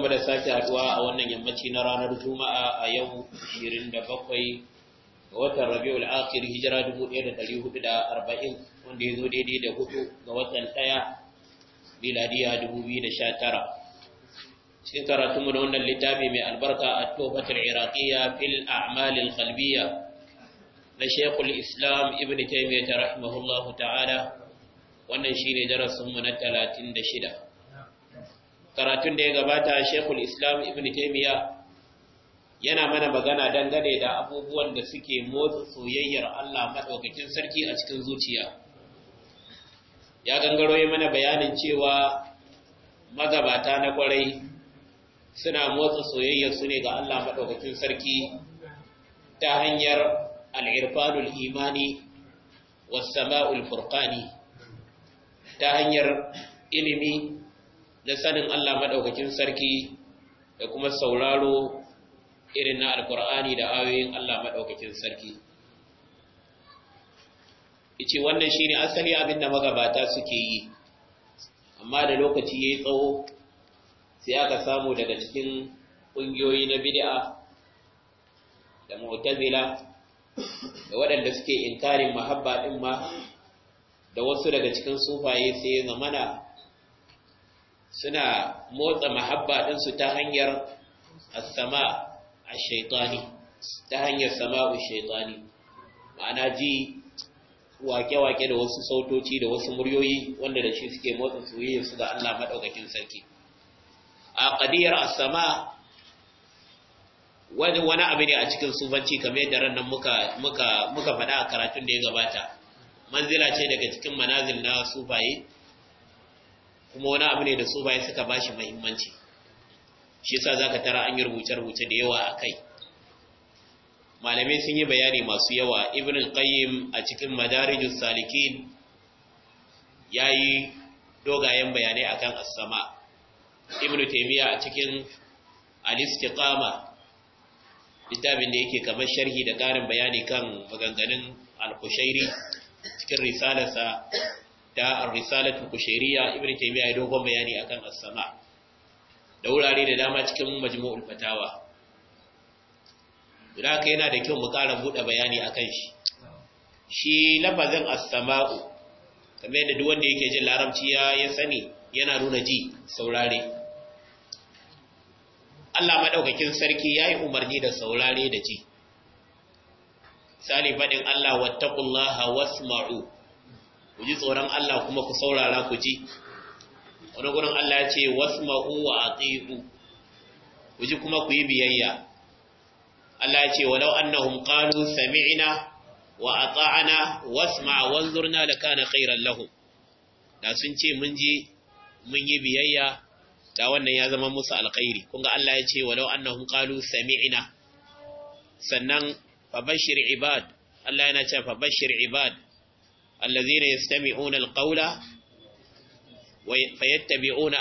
mu da sake haduwa a wannan yammaci na ranar juma'a a yau 27 ga watan rabiul akhir hijira 1440 wanda ya zo daidai da hudu ga watan daya miladiya 2019 cikin karatunmu da wannan littafi mai albarka a tobatul iraqiyya fil a'malil qalbiyya na shekul islam ibn taymiyyah rahimahullahu ta'ala wannan shine darasinmu na 36 karatun da ya gabata Sheikhul Islam Ibn Taymiyyah yana mana magana dangane da abubuwan da suke motsa soyayyar Allah madaukakin sarki a cikin zuciya ya gangaro ya mana bayanin cewa magabata na kwarai suna motsa soyayyar su ne ga Allah madaukakin sarki ta hanyar al-irfanul imani was sama'ul furqani ta hanyar ilimi na sanin Allah maɗaukakin sarki da kuma sauraro irin na alkur'ani da ayoyin Allah maɗaukakin sarki. Ice wannan shi ne asali abin da magabata suke yi, amma da lokaci ya yi tsawo sai aka samu daga cikin ƙungiyoyi na bid'a da mu'tazila da waɗanda suke inkarin mahabba ɗin ma da wasu daga cikin sufaye sai zamana suna motsa mahabba ɗinsu ta hanyar sama a shaitani ta hanyar sama'u shaitani ma'ana ji wake-wake da wasu sautoci da wasu muryoyi wanda da shi suke motsa soyayyarsu ga Allah maɗaukakin sarki a ƙadiyar sama wani abu ne a cikin sufanci kamar yadda ran muka muka muka faɗa a karatun da ya gabata manzila ce daga cikin manazil na sufaye kuma wani abu ne da su bai suka bashi muhimmanci shi yasa zaka tara an yi rubuce rubuce da yawa a kai? malamai sun yi bayani masu yawa ibn qayyim a cikin madarijus salikin yayi dogayen bayanai akan as-sama ibn taymiya a cikin al-istiqama littafin da yake kamar sharhi da karin bayani kan maganganun al-kushairi cikin risalarsa ta ar-risalatu kushairiyya ibn taymiya ya dogon bayani akan as-sama da wurare da dama cikin majmu'ul fatawa haka yana da kyau mu ƙara buɗe bayani akan shi shi lafazin as-sama'u kamar yadda duk wanda yake jin larabci ya sani yana nuna ji saurare Allah madaukakin sarki yayi umarni da saurare da ji misali faɗin Allah wattaqullaha wasma'u ku ji tsoron Allah kuma ku saurara ku ji wani gurin Allah ya ce wasma'u wa ati'u ku ji kuma ku yi biyayya Allah ya ce walau annahum qalu sami'ina wa ata'na wasma' wanzurna lakana khairan lahum da sun ce mun ji mun yi biyayya da wannan ya zama musu alkhairi Kunga Allah ya ce walau annahum qalu sami'ina. sannan fa ibad Allah yana ce fa ibad allazina yastami'una alqawla wa fayattabi'una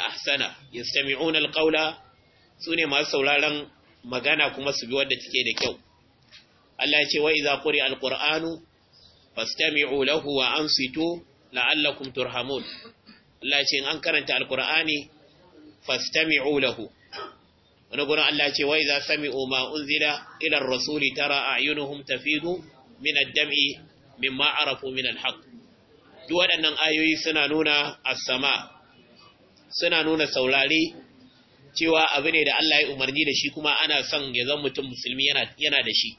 sune masu sauraron magana kuma su bi wadda take da kyau Allah ya ce wa idza quri'a alqur'anu fastami'u lahu wa ansitu la'allakum turhamun Allah ce an karanta alqur'ani fastami'u lahu wani gurin Allah ce wa idza sami'u ma unzila ila rasuli tara a'yunuhum tafidu min ad-dam'i mimma arafu min duk waɗannan ayoyi suna nuna a sama suna nuna saurari cewa abu ne da Allah ya umarni da shi kuma ana son ya zama mutum musulmi yana da shi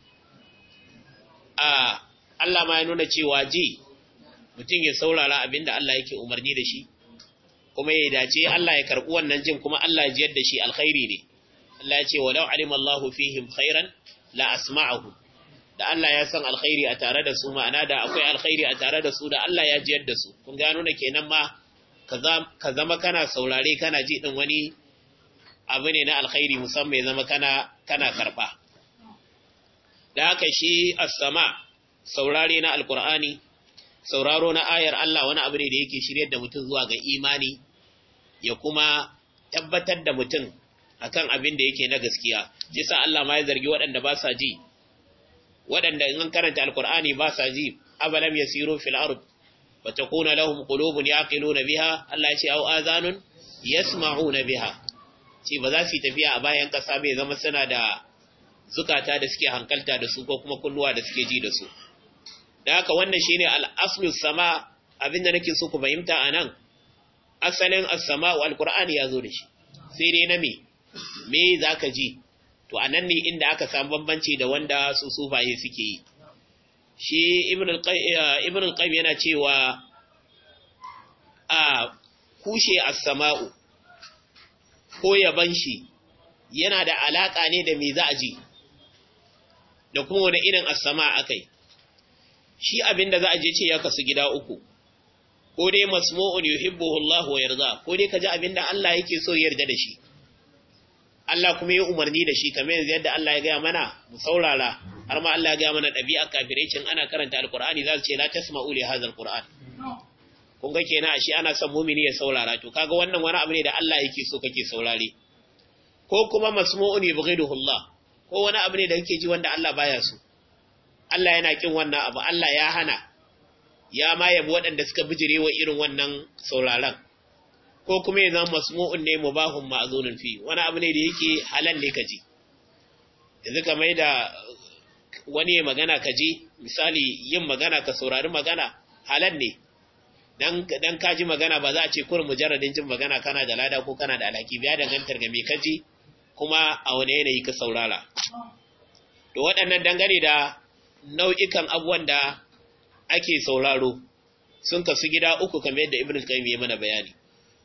a Allah ma ya nuna cewa ji mutum ya saurara abin da Allah yake umarni da shi kuma ya dace Allah ya karɓi wannan jin kuma Allah ya jiyar da shi alkhairi ne Allah ya ce walau alima Allahu fihim khairan la asma'ahum da Allah ya san alkhairi a tare da su ma'ana da akwai alkhairi a tare da su da Allah ya jiyar da su kun gano na kenan ma ka zama kana saurare kana ji din wani abu ne na alkhairi musamman ya zama kana kana karba da haka shi as-sama saurare na alqur'ani sauraro na ayar Allah wani abu ne da yake shiryar da mutum zuwa ga imani ya kuma tabbatar da mutum akan abin da yake na gaskiya jisa Allah ma ya zargi waɗanda ba sa ji waɗanda in karanta alkur'ani ba sa ji abalam yasiru fil ard wa takuna lahum qulubun yaqiluna biha Allah ya ce au azanun yasma'una biha ce ba za su yi tafiya a bayan kasa bai zama suna da zukata da suke hankalta da su ko kuma kulluwa da suke ji da su da haka wannan shine al-aslu sama abinda nake so ku fahimta anan asalin as-sama wal qur'ani ya zo da shi sai dai na me me zaka ji to anan ne inda aka samu bambanci da wanda su sufaye suke yi shi ibn al-qayyim eh, yana cewa a kushe as-sama'u ko yaban shi yana da alaka ne da me za a ji da kuma wani irin as-sama akai shi abinda za a je ce ya kasu gida uku ko dai masmu'un yuhibbuhu Allah wa yarda ko dai kaji abinda Allah yake so yarda da shi Allah kuma ya umarni da shi kamar yanzu yadda Allah ya gaya mana mu saurara har ma Allah ya gaya mana dabi'a kafirai cin ana karanta alkur'ani za su ce la tasma'u li hadha alqur'an kun ga kenan shi ana son mumini ya saurara to kaga wannan wani abu ne da Allah yake so kake saurare ko kuma masmu'un yubghiduhu Allah ko wani abu ne da kake ji wanda Allah baya so Allah yana kin wannan abu Allah ya hana ya ma yabi waɗanda suka bijirewa irin wannan sauraron ko kuma ya zama masmu'un ne mubahun ma'zunun fi wani abu ne da yake halal ne kaji yanzu ka mai da wani magana kaji misali yin magana ka saurari magana halal ne dan dan kaji magana ba za a ce kurin mujarradin jin magana kana da lada ko kana da alhaki biya da gantar ga me kaji kuma a wani yanayi ka saurara to waɗannan dangane da nau'ikan abubuwan da ake sauraro sun kasu gida uku kamar yadda ibnu Qayyim ya mana bayani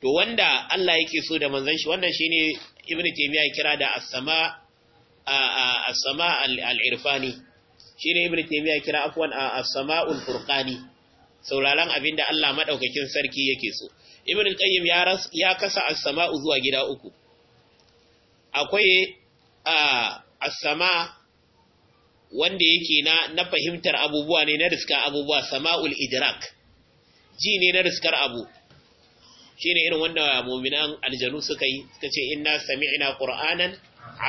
to wanda Allah yake so da manzon shi wannan shine ibnu taymiya ya kira da as-sama as-sama al-irfani shine ibnu taymiya ya kira afwan as al furqani sauraron abinda Allah madaukakin sarki yake so ibnu qayyim ya ya kasa as sama zuwa gida uku akwai as-sama wanda yake na na fahimtar abubuwa ne na riskar abubuwa sama'ul idrak ji ne na riskar abu shine irin wanda mu'minan aljanu suka yi suka ce inna sami'na qur'anan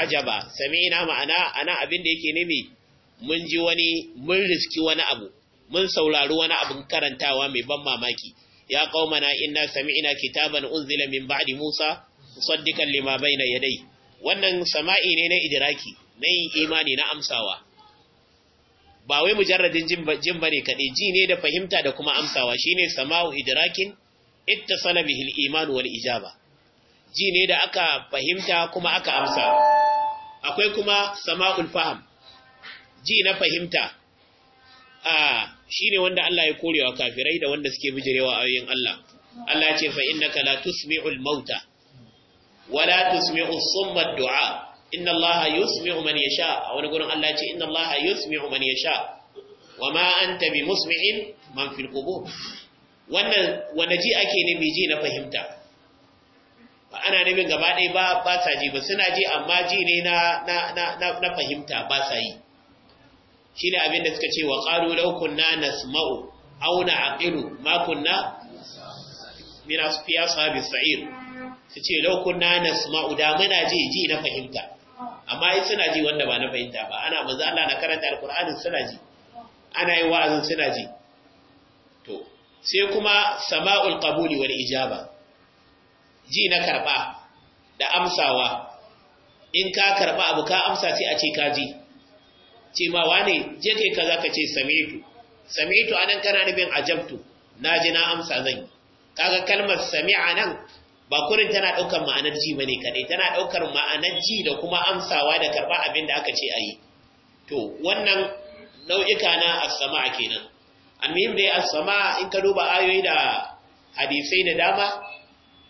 ajaba sami'na ma'ana ana abin da yake nemi mun ji wani mun riski wani abu mun saurari wani abin karantawa mai ban mamaki ya qaumana inna sami'na kitaban unzila min ba'di musa musaddiqan lima bayna yadai wannan sama'i ne na idraki na yin imani na amsawa ba wai mujarradin jin bane kaɗai ji ne da fahimta da kuma amsawa shine sama'u Idirakin. ittasala bihi al-iman wal ijaba ji ne da aka fahimta kuma aka amsa akwai kuma sama'ul faham ji na fahimta a shine wanda Allah ya wa kafirai da wanda suke bijirewa ayoyin Allah Allah ya ce fa innaka la tusmi'ul mauta wala tusmi'us summa du'a inna Allah yusmi'u man yasha a wani gurin Allah ya ce inna Allah yusmi'u man yasha wama anta bi musmi'in man fil qubur wannan wanda ji ake nufi ji na fahimta ba ana nufin gaba ɗaya ba ba sa ji ba suna ji amma ji ne na na na na fahimta ba sa yi shine abin da suka ce wa qalu law kunna nasma'u aw na'qilu ma kunna fiya ashabi sa'ir su ce law kunna nasma'u da muna ji ji na fahimta amma ai suna ji wanda ba na fahimta ba ana manzo Allah na karanta alqur'anin suna ji ana yi wa'azin suna ji sai kuma sama'ul qabuli wal ijaba ji na karba da amsawa in ka karba abu ka amsa sai a ce ka ji ce ma wane je kai za ka ce sami'tu sami'tu anan kana nufin ajabtu na ji na amsa zan yi kaga kalmar sami'a nan ba kurin tana ɗaukar ma'anar ji ba ne, kaɗai tana ɗaukar ma'anar ji da kuma amsawa da karba abin da aka ce a yi to wannan nau'ika na as-sama'a kenan Aminu dai ya sama in ka duba ayoyi da hadisai da dama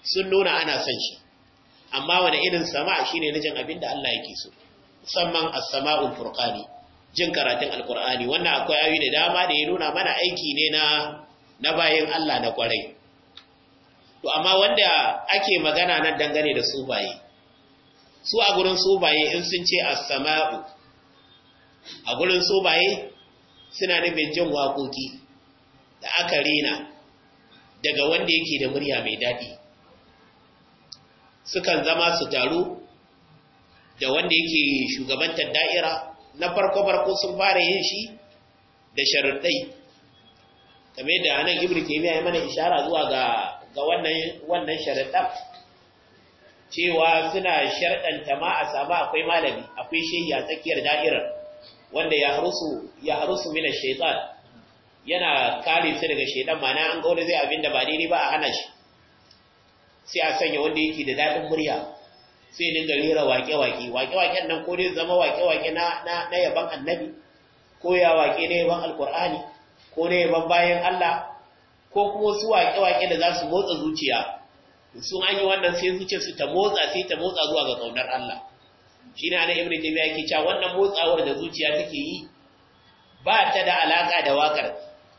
sun nuna ana son shi amma wani irin sama shine na jin abin da Allah yake so musamman as furqani jin karatun alkur'ani wannan akwai ayoyi da dama da ya nuna mana aiki ne na na bayin Allah na kwarai to amma wanda ake magana nan dangane da su baye su a gurin su baye in sun ce as-sama'u a gurin su baye suna nufin jin waƙoƙi da aka rena daga wanda yake da murya mai daɗi sukan zama su taru da wanda yake shugabantar da'ira na farko-farko sun fara yin shi da sharaɗai Kamar da anan ibn taymiya ya mana ishara zuwa ga ga wannan wannan cewa suna sharɗanta ma a samu akwai malami akwai shehi a tsakiyar da'irar wanda ya harusu ya harusu mina shaitan yana kare su daga shaitan mana an gaura zai abin da ba daidai ba a hana shi sai a sanya wanda yake da daɗin murya sai dinga rera waƙe-waƙe waƙe-waƙen nan ko dai zama waƙe-waƙe na na yaban annabi ko ya waƙe ne yaban alƙur'ani ko ne yaban bayan Allah ko kuma su waƙe-waƙe da za su motsa zuciya sun an yi wannan sai su ta motsa sai ta motsa zuwa ga ƙaunar Allah Shi na ana ibnu taymiya ke cewa wannan motsawar da zuciya take yi ba ta da alaka da wakar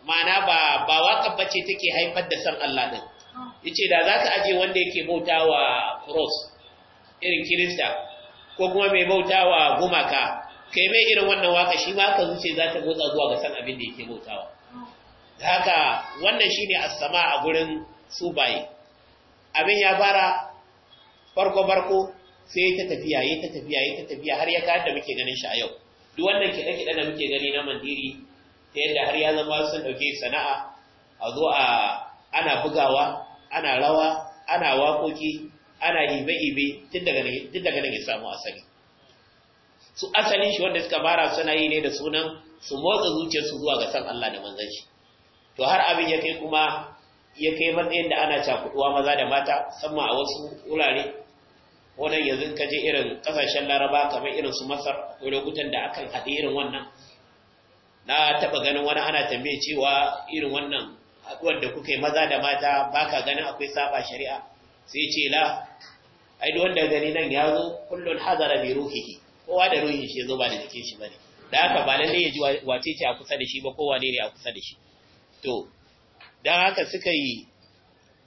ma'ana ba ba ce bace take haifar da san Allah Ya ce da za ka aje wanda yake bautawa cross irin kirista ko kuma mai bautawa gumaka kai mai irin wannan waka shi ma ka zuce za ta motsa zuwa ga san abin da yake bautawa haka wannan shine ne sama a gurin baye. abin ya fara farko farko sai ta tafiya ya ta tafiya ya ta tafiya har ya kayar da muke ganin shi a yau duk wannan kiɗe kiɗe da muke gani na mandiri ta yadda har ya zama sun ɗauke sana'a a zo a ana bugawa ana rawa ana waƙoƙi ana ibe-ibe tun daga nan ya samu asali su asalin shi wanda suka fara suna yi ne da sunan su motsa zuciyarsu zuwa ga san Allah da manzon shi to har abin ya kai kuma ya kai matsayin da ana cakuduwa maza da mata musamman a wasu wurare wannan yanzu ka je irin kasashen laraba kamar irin su masar akwai lokutan da akan haɗe irin wannan na taɓa ganin wani ana tambaye cewa irin wannan haɗuwar da kuka yi maza da mata ba ka ganin akwai saba shari'a sai ce la ai duk wanda gani nan ya zo kullun hazara bi ruhihi kowa da ruhin shi zo ba da jikin shi bane da haka ba lalle ya ji wace ce a kusa da shi ba kowa ne a kusa da shi to dan haka suka yi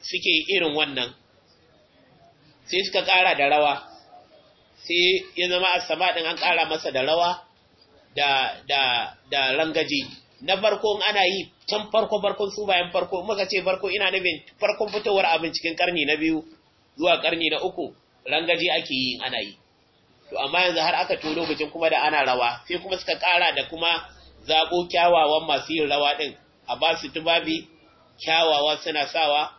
suke irin wannan sai suka ƙara da rawa sai ya zama asama din an ƙara masa da rawa da da da rangaji na farko ana yi can farko farkon su bayan farko muka ce farko ina nufin farkon fitowar abin cikin karni na biyu zuwa karni na uku rangaji ake yi ana yi to amma yanzu har aka to bikin kuma da ana rawa sai kuma suka ƙara da kuma zaɓo kyawawan masu yin rawa ɗin a ba su tubabi kyawawa suna sawa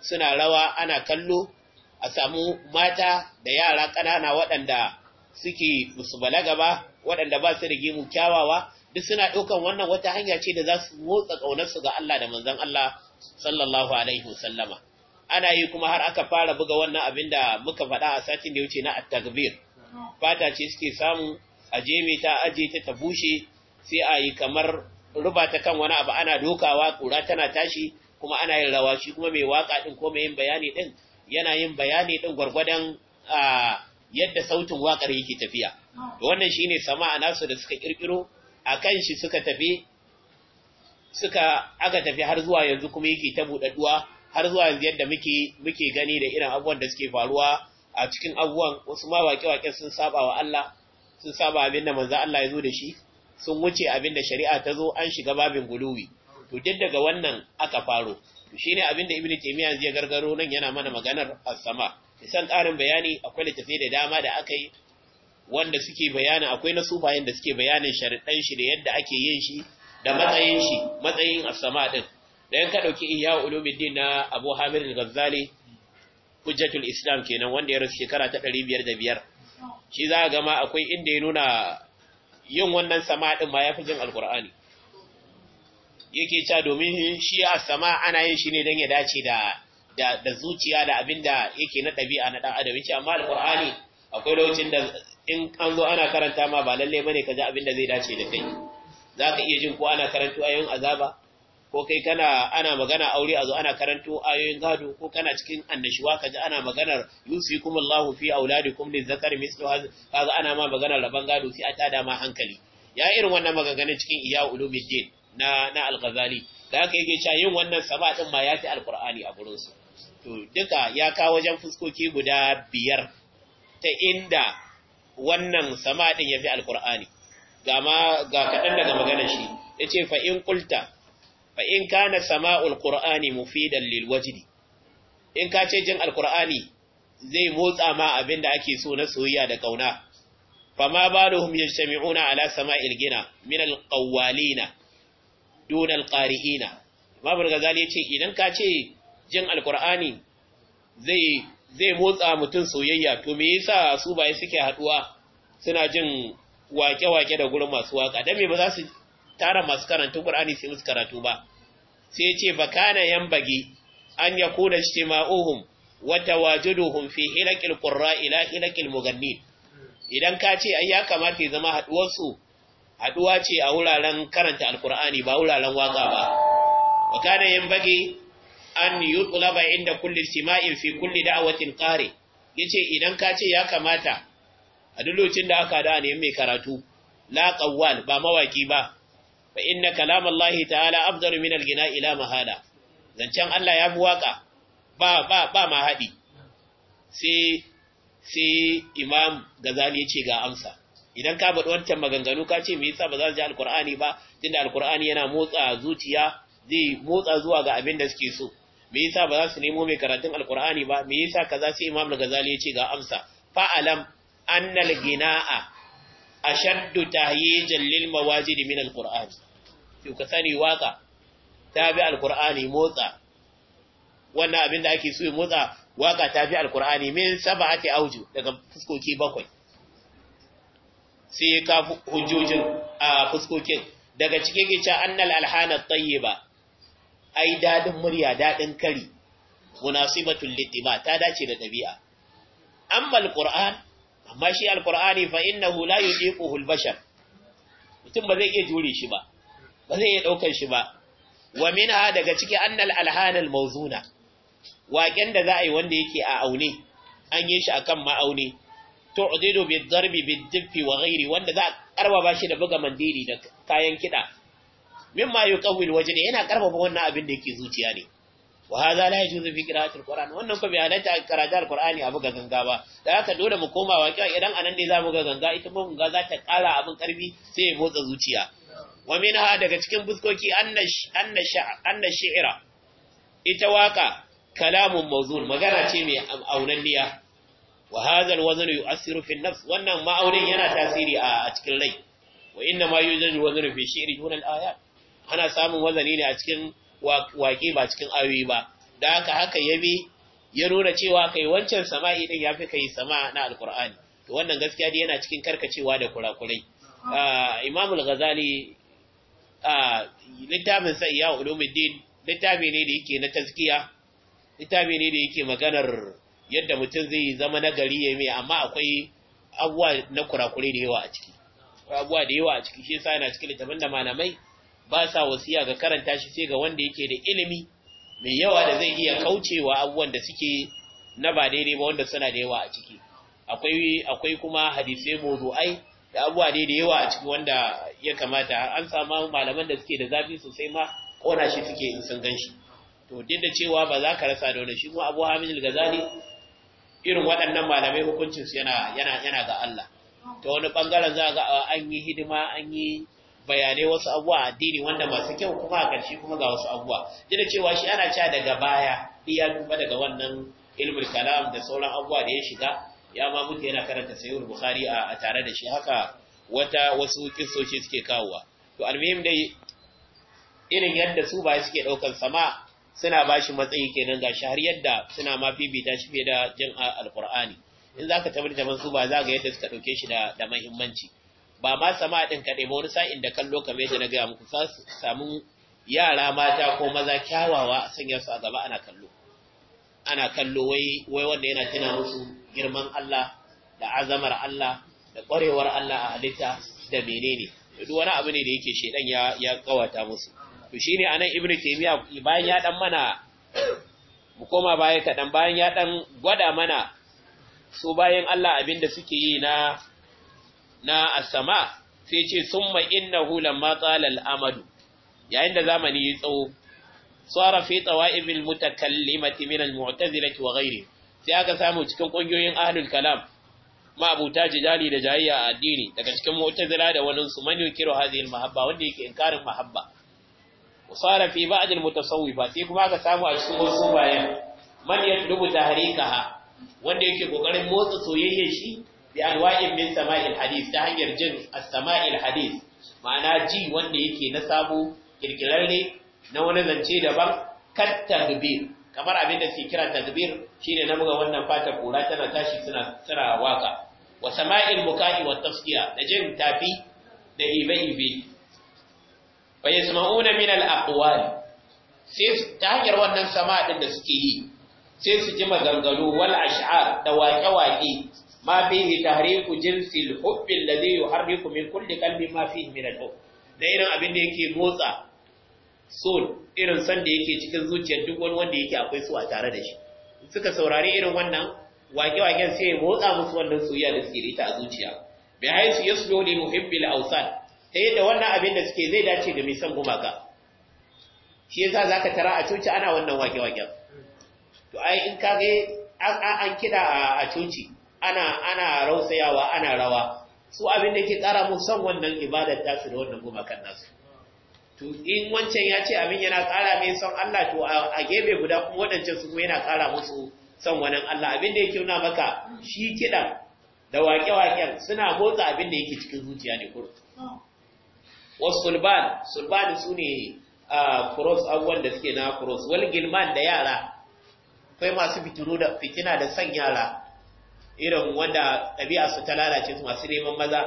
suna rawa ana kallo a samu mata da yara ƙanana waɗanda suke musu balaga ba waɗanda ba su da gemu kyawawa duk suna ɗaukan wannan wata hanya ce da za su motsa ƙaunarsu ga Allah da manzon Allah sallallahu alaihi wasallama ana yi kuma har aka fara buga wannan abin da muka faɗa a satin da ya wuce na at tagbir fata ce suke samu a jeme ta aje ta ta bushe sai a yi kamar ruba ta kan wani abu ana dokawa kura tana tashi kuma ana yin rawa shi kuma mai waka ɗin ko mai yin bayani ɗin. yana yin bayani ɗin gwargwadon yadda sautin waƙar yake tafiya wannan shi ne sama a nasu da suka ƙirƙiro a kan shi suka tafi suka aka tafi har zuwa yanzu kuma yake ta buɗaɗuwa har zuwa yanzu yadda muke gani da irin abubuwan da suke faruwa a cikin abubuwan wasu ma waƙe-waƙe sun saba wa Allah sun saba abin da manzo Allah ya zo da shi sun wuce abin da shari'a ta zo an shiga babin guluwi to duk daga wannan aka faro ne abin da Ibn taimiyya zai gargaro nan yana mana maganar asama sama isan karin bayani akwai littafi da dama da aka yi wanda suke bayanin akwai na sufayen da suke bayanin sharaɗan shi da yadda ake yin shi da matsayin shi matsayin asama sama din da yanka dauki ihya ulumuddin na Abu Hamid al-Ghazali hujjatul Islam kenan wanda ya rasu shekara ta ɗari biyar da biyar. shi za a gama akwai inda ya nuna yin wannan sama din ma yafi jin alqur'ani yake cewa domin shi a sama ana yin shi ne dan ya dace da da zuciya da abin da yake na ɗabi'a na ɗan adam amma alqur'ani akwai lokacin da in an zo ana karanta ma ba lalle bane ka ji abin da zai dace da kai zaka iya jin ko ana karanto ayoyin azaba ko kai kana ana magana aure a zo ana karanto ayoyin gado ko kana cikin annashuwa ka ana maganar yusikumullahu fi auladikum lizakari mislu kaga ana ma maganar raban gado sai a tada ma hankali ya irin wannan maganganun cikin iya ulumuddin na na al-ghazali da haka yake cewa yin wannan sama din ma ya ci alqur'ani a gurin su to duka ya kawo wajen fuskoki guda biyar ta inda wannan sama din ya fi alqur'ani ga ma ga kadan daga maganar shi yace fa in qulta fa in kana sama'ul qur'ani mufidan lil wajdi in ka ce jin alqur'ani zai motsa ma abinda ake so na soyayya da kauna fama baluhum yajtami'una ala sama'il gina min alqawalina dunal qari'ina Imam ya ce, idan ka ce jin alqur'ani zai zai motsa mutum soyayya to me yasa su bai suke haduwa suna jin wake-wake da gurin masu waka dan me ba za su tara masu karanta Qur'ani sai musu karatu ba sai yace bakana yambagi an yakuna ijtima'uhum watawajuduhum fi hilakil qurra ila hilakil mughannin idan ka ce ai ya kamata ya zama haɗuwarsu. haduwa ce a wuraren karanta alkur'ani ba wuraren waka ba wa kana bagi an yutlaba inda kulli istima'in fi kulli da'watin qari yace idan ka ce ya kamata a duk da aka da ne mai karatu la qawwal ba mawaki ba fa inna kalamallahi ta'ala afdalu min al-ghina ila mahala zancen Allah ya fi waka ba ba ba ma hadi sai sai imam gazali yace ga amsa idan ka faɗi wancan maganganu ka ce me yasa ba za su ji alkur'ani ba tunda alkur'ani yana motsa zuciya zai motsa zuwa ga abin da suke so me yasa ba za su nemo mai karatun alkur'ani ba me yasa kaza sai imam al-ghazali ya ce ga amsa fa'alam anna al-ghina'a ashaddu tahyijan lil mawajid min al-qur'an to ka sani waka ta bi al motsa wannan abin da ake so ya motsa waka ta bi al-qur'ani min sab'ati auju daga fuskoki bakwai sai ya kafu hujjojin a fuskokin daga cikin gice annal alhana tayyiba ai dadin murya dadin kari munasibatul litiba ta dace da dabi'a amma alquran amma shi alqurani fa innahu la yudiquhu albashar mutum ba zai iya jure shi ba ba zai iya daukar shi ba wa minha daga ciki annal alhana mauzuna? waƙen da za a yi wanda yake a aune an yi shi akan ma'auni tu'didu bi darbi bi diffi wa ghairi wanda za a karba shi da buga mandiri da kayan kida Min ma yuqawil wajhi yana ba wannan abin da yake zuciya ne wa hadha la yajuzu fi qira'atil qur'an wannan ko bi halatta qira'atil qur'ani a buga ganga ba da haka dole mu koma wa idan anan ne za mu ga ganga ita mun ganga za ta kara abin karfi sai ya motsa zuciya wa minha daga cikin buskoki annash annash annash ita waka kalamun mawzun magana ce mai aunanniya wa hadha alwazn fi an-nafs wannan ma'aurin yana tasiri a cikin rai wa inna ma yuzan wazn fi shi'ri dun ayat ana samun wazani ne a cikin waƙe ba cikin ayoyi ba da haka haka yabi ya nuna cewa kai wancan sama'i din yafi kai sama na alqur'ani to wannan gaskiya dai yana cikin karkacewa da kurakurai imam al-ghazali littafin sa iya ulumuddin littafi ne da yake na tazkiya littafi ne da yake maganar yadda mutum zai zama na gari ya mai amma akwai abuwa na kurakure da yawa a ciki abuwa da yawa a ciki shi sa yana cikin littafin da malamai ba sa wasiya ga karanta shi sai ga wanda yake da ilimi mai yawa da zai iya kaucewa abubuwan da suke na ba daidai ba wanda suna da yawa a ciki akwai akwai kuma hadisai mawdu'ai da abuwa da yawa a ciki wanda ya kamata an samu malaman da suke da zafi sosai ma kona shi suke in sun ganshi to duk da cewa ba za ka rasa da wani shi kuma Abu Hamid al irin waɗannan malamai hukuncinsu yana yana yana ga Allah ta wani bangaren za ga ah, an yi hidima an yi bayanai wasu abuwa addini wanda masu kyau kuma a ƙarshe kuma ga wasu abuwa duk cewa shi ana cewa daga baya iya duba daga wannan ilmul kalam da sauran abuwa da ya shiga ya ma mutu yana karanta sayyid bukhari a tare da shi haka wata wasu kissoci suke kawowa to almuhim dai irin yadda su ba suke daukan sama suna ba shi matsayi kenan ga har yadda suna ma bibita shi fiye da jin alkur'ani in za ka tabbata man su ba za ga yadda suka ɗauke shi da mahimmanci ba ma sama ɗin kaɗai ba wani sa'in da kallo kamar yadda na gaya muku samu yara mata ko maza kyawawa a sanya su a gaba ana kallo ana kallo wai wai wanda yana tuna musu girman Allah da azamar Allah da ƙwarewar Allah a halitta da menene duk wani abu ne da yake shedan ya ya kawata musu to shine anan Ibn taymiya bayan ya dan mana mu koma baya kaɗan bayan ya dan gwada mana su bayan Allah abin da suke yi na na asama sai ce summa innahu lamma matsalar Amadu. yayin da zamani ya tsawo sara fi tawaib almutakallimati min almu'tazilati wa ghairi sai aka samu cikin kungiyoyin ahlul kalam ma abuta jidali da jayayya a addini daga cikin mu'tazila da wani su man yukiru hadhihi almahabba wanda yake inkarin mahabba وصار في بعض المتصوفات sai kuma aka samu a cikin wasu bayan man yatlubu tahrikaha wanda yake ƙoƙarin motsa soyayyen shi bi anwa'in min sama'il hadith ta hanyar jin as-sama'il hadith ma'ana ji wanda yake na sabo kirkirarre na wani zance daban kat tadbir kamar abin da suke kira tadbir shine na buga wannan fatar kura tana tashi suna tsira waka wa sama'il buka'i wa tafsiya da jin tafi da ibe ibe fayasma'una min al-aqwal sai ta hanyar wannan sama din da suke yi sai su ji maganganu wal ash'ar da waƙe-waƙe ma fihi tahriku jinsil hubbi alladhi yuharriku min kulli qalbi ma fihi min al-hub da irin abin da yake motsa so irin san da yake cikin zuciyar duk wani wanda yake akwai su a tare da shi suka saurari irin wannan waƙe-waƙen sai ya motsa musu wannan soyayya da suke da ita a zuciya bi haisu yaslu li muhibbil awsan ta yadda wannan abin da suke zai dace da mai san gumaka shi yasa ka tara a coci ana wannan wake waken to ai in ka ga an kida a coci ana ana rausayawa ana rawa su abin da ke kara mu san wannan ibadar su da wannan gumakan nasu to in wancan ya ce abin yana ƙara mai son Allah to a gefe guda kuma wadancan su yana ƙara musu son wannan Allah abin da yake nuna maka shi kiɗan da wake-waken suna motsa abin da yake cikin zuciya ne kurtu wasulban sulban su ne a cross abubuwan da suke na cross wal gilman da yara akwai masu da fitina da san yara irin wanda ɗabi'a su ta lalace su masu neman maza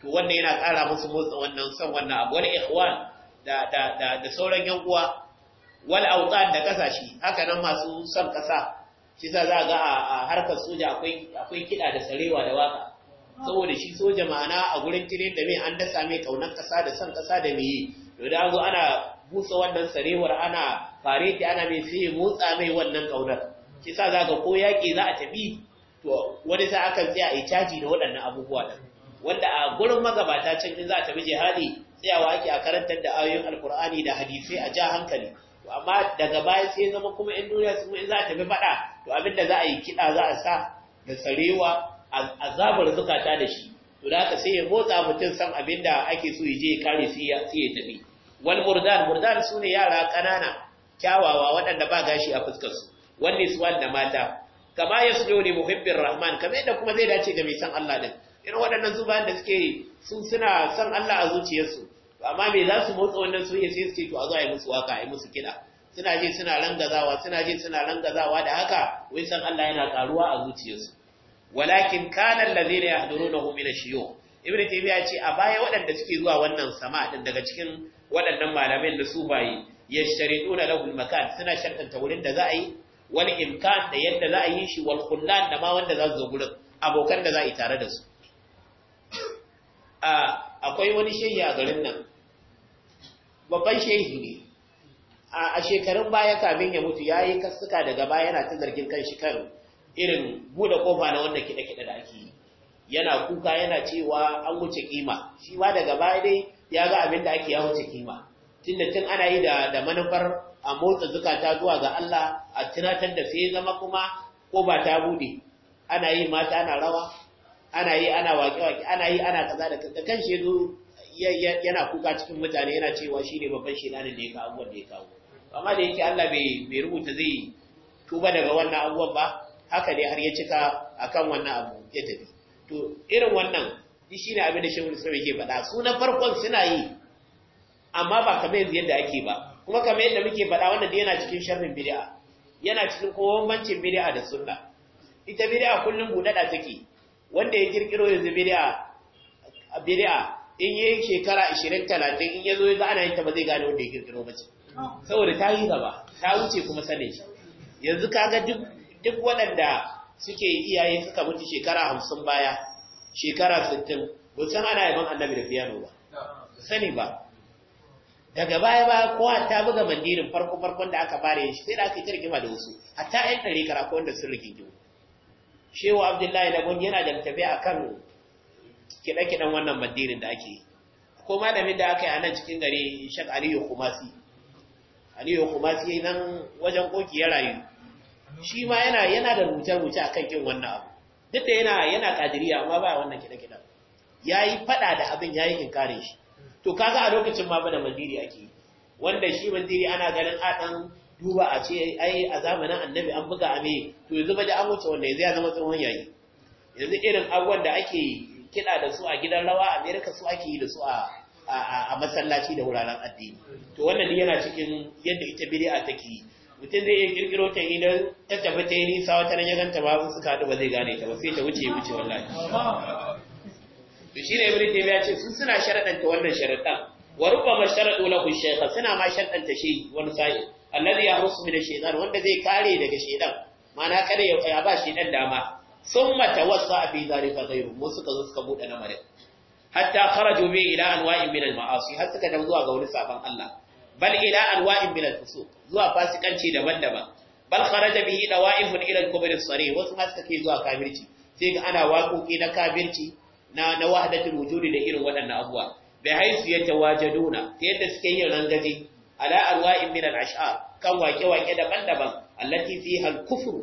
to wanda yana ƙara musu motsa wannan san wannan abu Wani ikhwan da da sauran yan uwa wal da kasashe haka nan masu son kasa shi za ga a harkar soja akwai kiɗa da sarewa da waka saboda shi soja ma'ana a gurin tirin da mai an dasa mai kaunar kasa da san kasa da mai yi, da zo ana busa wannan sarewar ana fareti ana mai sai motsa mai wannan kaunar shi sa zaka ko yaki za a tafi to wani sa akan tsaya a caji da waɗannan abubuwa da wanda a gurin magabata can in za a tafi jihadi tsayawa ake a karantar da ayoyin alkur'ani da hadisai a ja hankali amma daga baya sai zama kuma in duniya su in za a tafi faɗa to abin da za a yi kiɗa za a sa da sarewa azabar zukata da shi to da ka sai ya motsa mutum san abin da ake so ya je ya kare sai ya tafi wal murdan murdan sune yara kanana kyawawa waɗanda ba gashi a fuskar su wanne su wanda mata kama yaslu li muhibbir rahman kama yadda kuma zai dace ga mai san Allah din irin waɗannan zubayan da suke sun suna san Allah a zuciyarsu amma me za su motsa wannan su sai su ce to a zo a yi musu waka a yi musu kiɗa suna je suna rangazawa suna je suna rangazawa da haka wai san Allah yana karuwa a zuciyarsu walakin kana allazina yahdurunahu min ash-shuyukh ibnu taymiya ce a baya waɗanda suke zuwa wannan sama din daga cikin waɗannan malamai da su bayi yashtariduna lahu al-makan suna shartanta wurin da za a yi wal imkan da yadda za a yi shi wal khullan da ma wanda za su zo gurin abokan da za a tare da su a akwai wani shehi a garin nan babban shehi ne a shekarun baya kamin ya mutu yayi yi kasuka daga baya yana ta zargin kan shi kan irin buɗe ƙofa na wanda kiɗe-kiɗe da ake yi yana kuka yana cewa an wuce kima shi ma daga baya dai ya ga abin da ake ya wuce kima tunda tun ana yi da da manufar a motsa zukata zuwa ga Allah a tunatar da sai zama kuma ko ba ta bude ana yi mata ana rawa ana yi ana waƙe-waƙe ana yi ana kaza da kanka kan shi zo yana kuka cikin mutane yana cewa shi ne babban shedanin da ya kawo abubuwan da ya kawo amma da yake Allah bai rubuta zai tuba daga wannan abubuwan ba haka dai har ya cika akan wannan abu ya tafi to irin wannan shi ne abin da shehu sai yake faɗa su na farkon suna yi amma ba kamar yanzu yadda ake ba kuma kamar yadda muke faɗa wannan yana cikin sharrin bid'a yana cikin kowa bancin bid'a da sunna ita bid'a kullum budada take wanda ya kirkiro yanzu bid'a bid'a in yi shekara 20 30 in yazo yaga ana yin ta ba zai gane wanda ya kirkiro ba saboda ta yi gaba ta wuce kuma sanin shi yanzu kaga duk duk waɗanda suke iyaye suka mutu shekara hamsin baya shekara sittin san ana yaban annabi da fiyano ba sani ba daga baya ba, kowa ta buga mandirin farko farkon da aka bare shi sai da aka yi rigima da wasu hatta yan ɗari kara ko wanda sun rigingimu shehu abdullahi da yana da tafiya akan kiɗe-kiɗen wannan mandirin da ake yi ko malamin da aka yi a nan cikin gari shak aliyu kumasi aliyu kumasi nan wajen koki ya rayu shi ma yana yana da rubuce-rubuce akan kin wannan abu duk da yana yana kadiriya amma ba wannan kiɗa-kiɗa yi faɗa da abin ya yi inkare shi to kaga a lokacin ma bada mandiri ake wanda shi mandiri ana ganin a dan duba a ce ai a zamanin annabi an buga ame to yanzu ba da an wuce wanda yanzu ya zama tsohon yayi yanzu irin abubuwan da ake kiɗa da su a gidan rawa a amerika su ake yi da su a a masallaci da wuraren addini to wannan yana cikin yadda ita bid'a take yi. mutum zai iya kirkiro ta idan ta tafi ta yi nisa wata nan ya ganta ba su haɗu ba zai gane ta ba sai ta wuce wuce wallahi to shi ne ibn taymiya ce sun suna sharaɗanta wannan sharaɗan wa rubbama sharadu lahu shaykha suna ma sharaɗanta shi wani sa'i alladhi yahrusu min ash-shaytan wanda zai kare daga shaytan ma'ana kada ya ba shaytan dama summa tawassa fi zalika ghayru mu suka zo suka bude lamarin hatta kharaju bi ila anwa'in min al-ma'asi har suka dawo zuwa ga wani sabon Allah bal ila anwa'in min al-fusuq zuwa fasikanci daban-daban bal kharaja bihi dawa'ihun ila al-kubr as-sarih wasu ma suka kai zuwa kafirci sai ga ana waƙoƙi na kafirci na na wahdatul wujudi da irin waɗannan abuwa bai haisu ya tawajaduna ta yadda suke yin rangaji ala arwa'in min al-ash'ar kan waƙe-waƙe daban-daban allati fiha al-kufr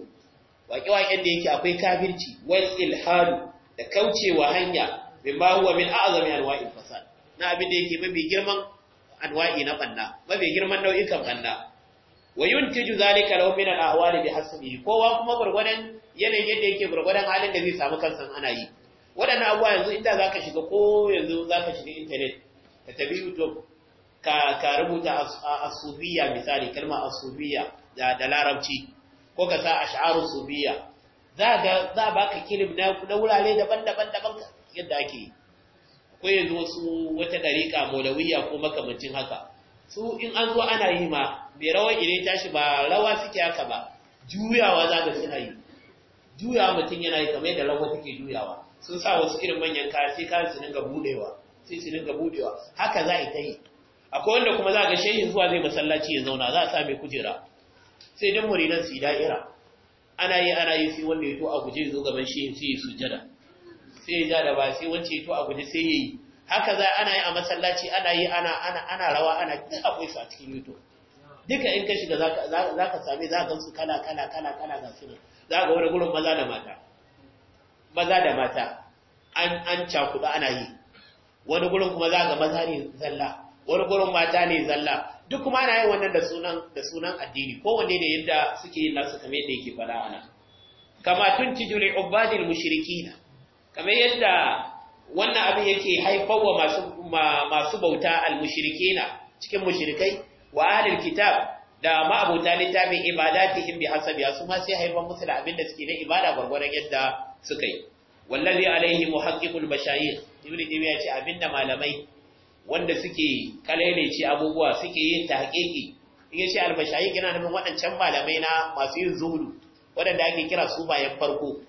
waƙe-waƙen da yake akwai kafirci wal ilhadu da kaucewa hanya bimma huwa min a'zami anwa'il fasad na abin da yake mabi girman anwa'i na banna Mabi girman nau'ikan banna wa yuntiju zalika law min al-ahwali bi hasbi kowa kuma gurgurdan yanayin yadda yake gurgurdan halin da zai samu kansa ana yi wadannan abuwa yanzu inda zaka shiga ko yanzu zaka shiga internet ka tabi youtube ka ka rubuta asubiya misali kalma asubiya da da larabci ko ka sa ash'aru subiya za ga za baka kilim na na wurare daban-daban daban yadda ake yi ko yanzu wasu wata dariƙa molawiya ko makamancin haka su in an zo ana yi ma mai rawa ire tashi ba rawa suke haka ba juyawa za ka suna yi juyawa mutum yana yi kamar yadda rawa take juyawa sun sa wasu irin manyan kaya sai kayan su dinga budewa sai su dinga budewa haka za a yi ta yi akwai wanda kuma za ga yin zuwa zai masallaci ya zauna za a sa mai kujera sai dan muridan su yi da'ira ana yi ana yi sai wanda ya to a guje zo gaban shehin sai ya sujjada sai ya ja da ba sai wance ya to a guje sai ya yi haka za ana yi a masallaci ana yi ana ana ana rawa ana duk akwai su a cikin youtube duka in ka shiga za ka same za ka su kala kala kala kala ga su ne za ka wani gurin maza da mata maza da mata an an cakuɗa ana yi wani gurin kuma za ka maza ne zalla wani gurin mata ne zalla duk kuma ana yin wannan da sunan da sunan addini kowanne da yadda suke yin nasu kamar yadda yake fara ana kama tun tijuri ubadil mushrikina kamar yadda wannan abin yake haifar wa masu masu bauta almushrikina cikin mushirikai wa ahlul kitab da ma'abuta littafin bi hasabi su ma sai haifar musu da abin da suke na ibada gwargwaron yadda suka yi wallazi alaihi muhaqqiqul bashayikh ibnu taymiya ce abinda malamai wanda suke ce abubuwa suke yin tahqiqi in yace albashayikh yana nufin waɗancan malamai na masu yin zuhudu waɗanda ake kira su bayan farko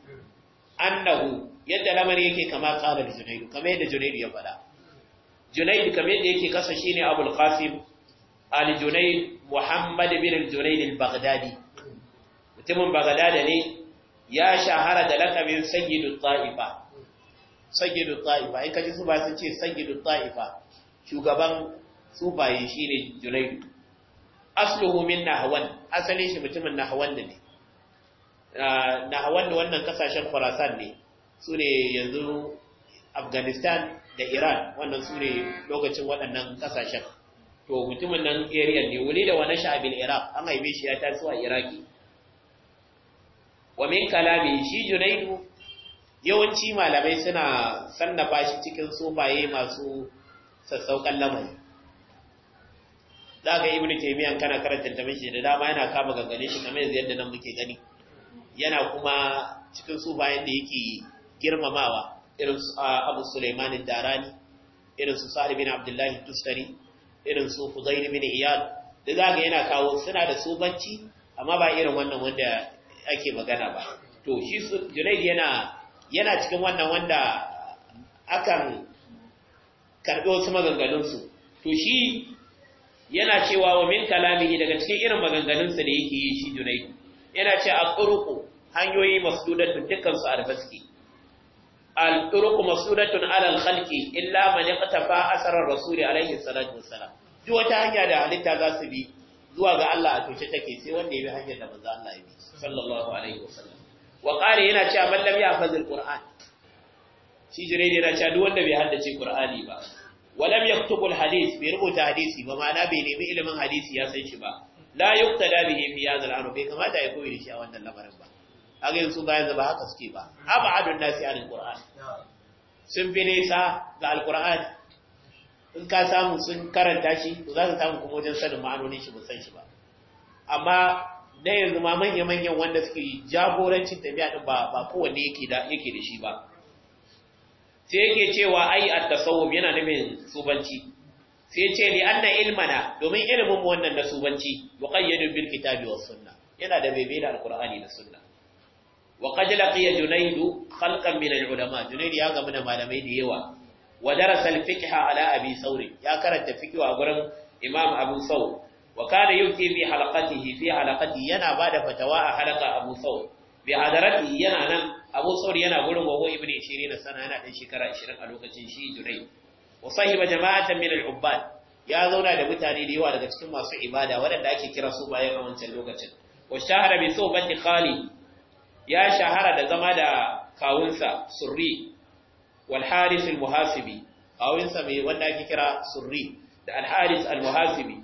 annahu yadda lamari yake kama kala da junaidu kamar yadda junaidu ya faɗa junaidu kamar yadda yake kasa shine abul qasim al junaid muhammad bin al junaid al baghdadi mutumin baghdada ne ya shahara da lakabin sayyidu ta'ifa sayyidu ta'ifa in kaji ba sun ce sayyidu ta'ifa shugaban sufaye shine junaidu asluhu min nahwan asalin shi mutumin nahwan ne ah, nahwan wannan kasashen khurasan ne su ne yanzu afghanistan da iran wannan su ne lokacin waɗannan ƙasashen to mutumin nan ariyar ne wuli da wani sha'abin iraq an haife shi ya taso a iraki wa min kalami shi junaidu yawanci malamai suna sannafa shi cikin sofaye masu sassauƙan lamari za ka ibnu taymiyan kana karanta ta mishi da dama yana kama gangane shi kamar yadda nan muke gani yana kuma cikin sufayen da yake girmamawa irin su ah, Abu Sulaiman Darani irin su Sa'id bin Abdullah Tustari irin su Fudail bin Iyad da zaka yana kawo suna da subanci amma ba irin wannan wanda ake magana ba to shi Junaid yana yana cikin wannan wanda akan karɓi wasu maganganunsu to shi yana cewa wa min kalamihi daga cikin irin maganganunsa da yake yi shi junaid yana ce a hanyoyi masu dudar dukkan a rufe al-turuq masudatun ala al-khalqi illa man iqtafa asarar rasuli alaihi salatu wassalam duk wata hanya da halitta za su bi zuwa ga Allah a toce take sai wanda ya bi hanyar da manzo Allah ya bi sallallahu alaihi wasallam wa qala yana cewa man lam yahfaz al-qur'an shi jirai yana cewa duk wanda bai haddace qur'ani ba walam yaktubu al-hadith bai rubuta hadisi ba ma'ana bai nemi ilimin hadisi ya san shi ba la yuqtada bihi fi hadha al bai kamata ya koyi shi a wannan lamarin ba kaga yanzu ba yanzu ba haka suke ba hmm. abadun nasi anil qur'an sun fi nesa ga alqur'ani in ka samu sun karanta shi to za ka samu kuma wajen sanin ma'anonin shi ba san shi ba amma na yanzu ma manya-manyan wanda suke jagorancin tafiya ɗin ba kowanne yake da shi ba sai yake cewa ai a tasawuf yana nufin subanci sai ce li anna ilmana domin ilimin wannan na subanci yuqayyadu bil kitabi was sunna yana da bebe da alqur'ani da sunna wa qad junaidu khalqan min al-ulama junaid ya gamu da malamai da yawa wa darasa al ala abi ya karanta fiqh a gurin imam abu thawr wa kana yuki fi halaqatihi fi halaqati yana bada fatawa a halaqa abu thawr bi hadarati yana nan abu thawr yana gurin gogo ibnu ishirin sana yana dan shekara 20 a lokacin shi junaid wa sahiba jama'atan min al ya zauna da mutane da yawa daga cikin masu ibada waɗanda ake kira su bayan a wancan lokacin wa shahara bi sohbati khali ya shahara da zama da kawunsa surri wal haris al muhasibi kawunsa mai wanda ake kira surri da al haris al muhasibi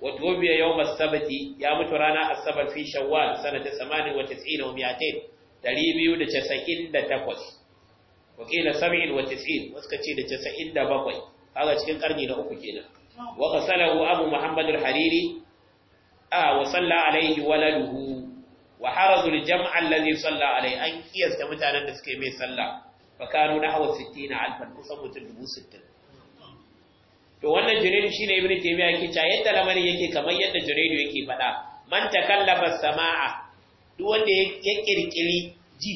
wa tubiya yawm as-sabti ya mutu rana asabar fi shawwal sanata 98 wa 200 298 wa kila 97 wasu kace da 97 kaga cikin karni na uku kenan wa qasalahu abu muhammad al hariri a wa salla alaihi waladuhu wa harazul jam'a allazi salla alai an kiyasta mutanen da suke mai sallah fa kanu nahwa 60 alfan kusan mutum 60 to wannan jiredu shine ibnu taymiya yake cewa yadda lamarin yake kamar yadda jiredu yake faɗa man takallaba samaa duk wanda ya kirkiri ji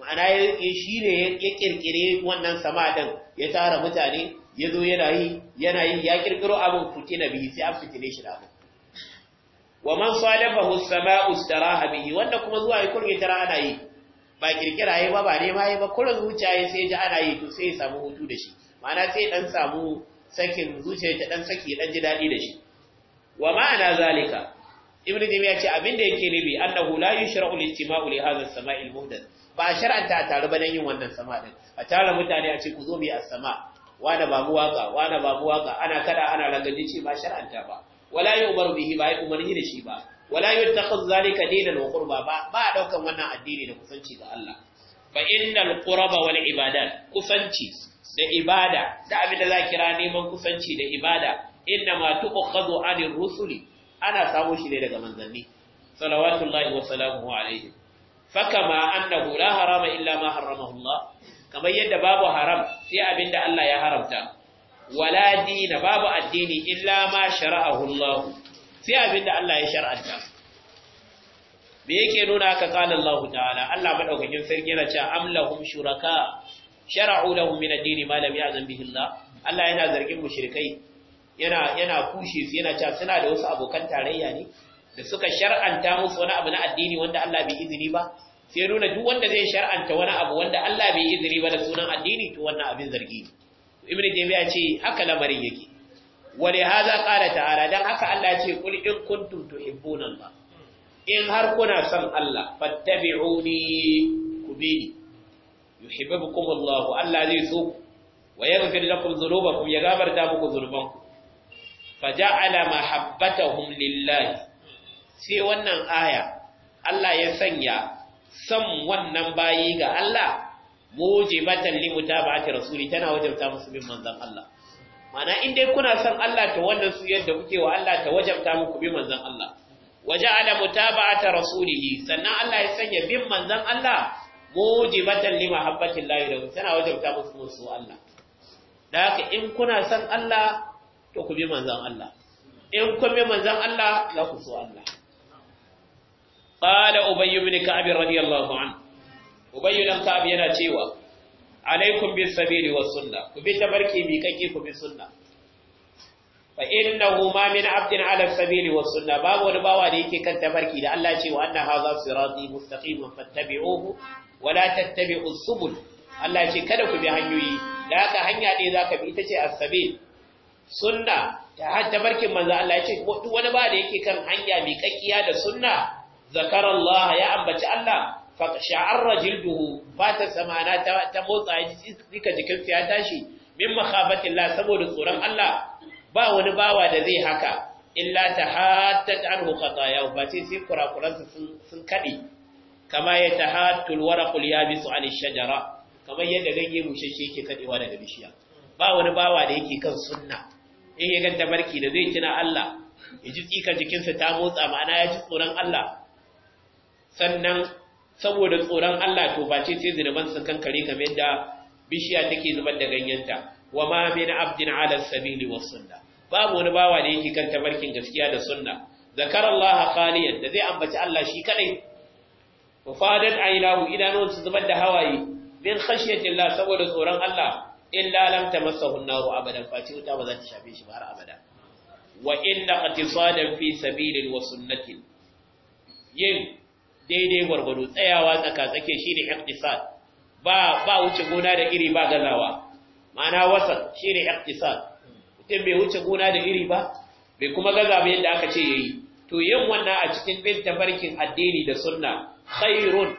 ma'ana ya shine ya kirkire wannan sama din ya tara mutane ya zo yana yi yana yi ya kirkiro abin fitinabi sai an fitine shi da abin wa man salafahu as-sama'u istaraha bihi wanda kuma zuwa yi kurge tara ana yi ba kirkira yayi ba ba ne ma ba zuciya sai ji ana yi to sai ya samu hutu da shi ma'ana sai dan samu sakin zuciya ta dan saki dan ji dadi da shi wa ma'ana zalika ibnu jami'a ce abin da yake nabi annahu la yushra'u al-istima'u li hadha as al muhdath ba shar'anta a tare ba dan yin wannan sama din a tare mutane a ce ku zo mu yi as-sama wa wanda babu waka da babu waka ana kada ana ragaji ce ba shar'anta ba wala yu'maru bihi ba ya umarni da shi ba wala yuttakhadhu zalika ka daina qurba ba ba ɗaukan wannan addini da kusanci ga Allah fa innal qurba wal ibadat kusanci da ibada da abin da za kira neman kusanci da ibada inna ma tuqadu anir rusuli ana samu shi ne daga manzanni salawatullahi wa salamuhu alaihi fakama annahu la harama illa ma haramahu Allah kamar yadda babu haram sai abinda Allah ya haramta wala dina babu addini illa ma shara'ahu Allah sai abinda Allah ya shar'anta me yake nuna haka qala Allah ta'ala Allah madaukakin sarki yana cewa am lahum shuraka shara'u lahum min ad-din ma lam ya'zam bihi Allah Allah yana zargin mushrikai yana yana kushe su yana cewa suna da wasu abokan tarayya ne da suka shar'anta musu wani abu na addini wanda Allah bai izini ba sai nuna duk wanda zai shar'anta wani abu wanda Allah bai izini ba da sunan addini to wannan abin zargi ne ibnu taymiya ce haka lamarin yake wale haza qala ta'ala dan haka Allah ya ce qul in kuntum tuhibbuna Allah in har kuna son Allah fattabi'uni kubini yuhibbukum Allah Allah zai so ku wa yaghfir lakum dhunubakum ya da muku fa ja'ala mahabbatahum lillah sai wannan aya Allah ya sanya son wannan bayi ga Allah mujibatan li mutaba'ati rasuli tana wajabta musu bin manzon Allah mana in dai kuna son Allah ta wannan su yadda kuke wa Allah ta wajabta muku bin manzon Allah waja'ala mutaba'ata rasulihi sannan Allah ya sanya bin manzon Allah mujibatan li mahabbati Allah da tana wajabta musu musu Allah da haka in kuna son Allah to ku bi manzon Allah in kun bi manzon Allah za ku so Allah qala ubayy ibn ka'ab radiyallahu anhu ubayyu dan ka'ab yana cewa alaikum bis sabili was sunna ku bi tabarki bi kake ku bi sunna fa innahu ma min abdin ala sabili was sunna babu wani bawa da yake kan tabarki da Allah ce wa anna hadha sirati mustaqiman fattabi'uhu wa la tattabi'u subul Allah ce kada ku bi hanyoyi da haka hanya ɗaya za ka bi ita ce as-sabil sunna ta har tabarkin manzo Allah ya ce wani ba da yake kan hanya mai kakkiya da sunna zakarallaha ya ambaci Allah sha'arra jilduhu ba ta samana ta motsa jika jikinsa ya tashi min makhabatillah saboda tsoron Allah ba wani bawa da zai haka illa tahattat anhu khatayahu ba sai sai kurakuransa sun kade kama ya tahattul waraqul yabisu an shajara kamar yadda ganye bushashe yake kaɗewa daga bishiya ba wani bawa da yake kan sunna in ya ta barki da zai tuna Allah ya ji tsika jikinsa ta motsa ma'ana ya ci tsoron Allah sannan saboda tsoron Allah to ba ce sai zunuban su kankare kamar yadda bishiya take zubar da ganyenta wa ma min abdin ala sabili was sunna babu wani bawa da yake kan tabarkin gaskiya da sunna zakara Allah khaliyan da zai ambaci Allah shi kadai wa fadat aynahu idanun su zubar da hawaye min khashyati Allah saboda tsoron Allah illa lam tamassahu an-nar abadan fa wuta ba za ta shafe shi ba har abada wa inna qatisadan fi sabilin wa sunnatin yin daidai gwargwado tsayawa tsakatsake shi ne iktisad ba ba wuce gona da iri ba gazawa ma'ana wasan shi ne iktisad mutum bai wuce gona da iri ba bai kuma gaza ba yadda aka ce ya yi? to yin wannan a cikin bin tabarkin addini da sunna khairun